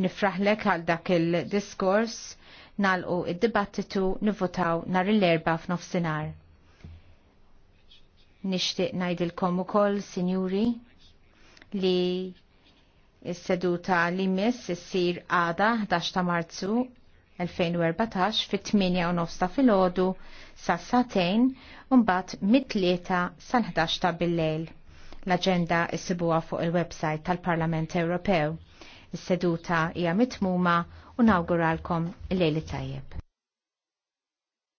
nifraħlek għal dak il-diskors nalqu id-dibattitu nivvotaw nar l-erba f'nofsinhar. Nixtieq ngħidilkom ukoll, sinjuri, li s-seduta li s issir għada 11 ta' Marzu 2014 fit-8 u nofs ta' filgħodu sa' satejn u mbagħad mit-tlieta sal-11 ta' bil-lejl l-agenda issibuha fuq il-website tal-Parlament Ewropew. Is-seduta hija mitmuma u nawguralkom lejli tajjeb.